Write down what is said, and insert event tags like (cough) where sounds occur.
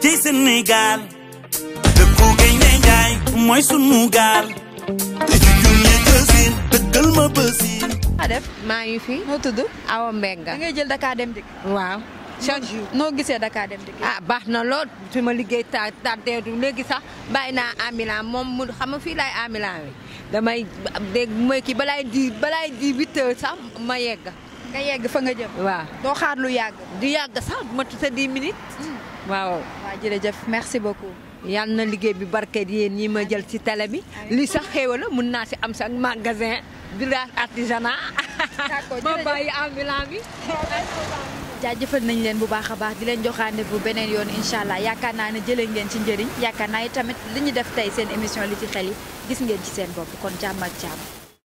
ci Sénégal dëkku Gaynde Njaay mooy sunu gaal te ci junne jësin dëggal ma bësin a def maa ngi fi moo tudd aw Mbenga da ngay jël Dakar dem dikk waaw chaque jour noo gisee Dakar dem dikk ah baax na lool su ma liggéey ta tardeedu léegi sax bàyyi naa amilan moom xam fii laay amilan wi damay dégg mooy kii balaay di balaay di huit sax ma yegg nga yegg fa nga jëm waaw doo xaar lu yàgg du yàgg sax ma tuuti dix minutes mm. waaw jërëjëf merci beaucoup. yal na liggéey bi barket yéen ñi ma jël ci télé bi li sax xéewal la mun naa si am sax magasin village artisanat. d'accord (laughs) jërëjëf ma bàyyi ambulant bi. jaajëfal nañ leen bu baax a baax di leen joxaane bu beneen yoon incha allah yaakaar naa ne jëlee ngeen ci njëriñ yaakaar naa yi tamit li ñu def tey seen émission li ci xel yi gis ngeen ci seen bopp kon jàmm ak jàmm.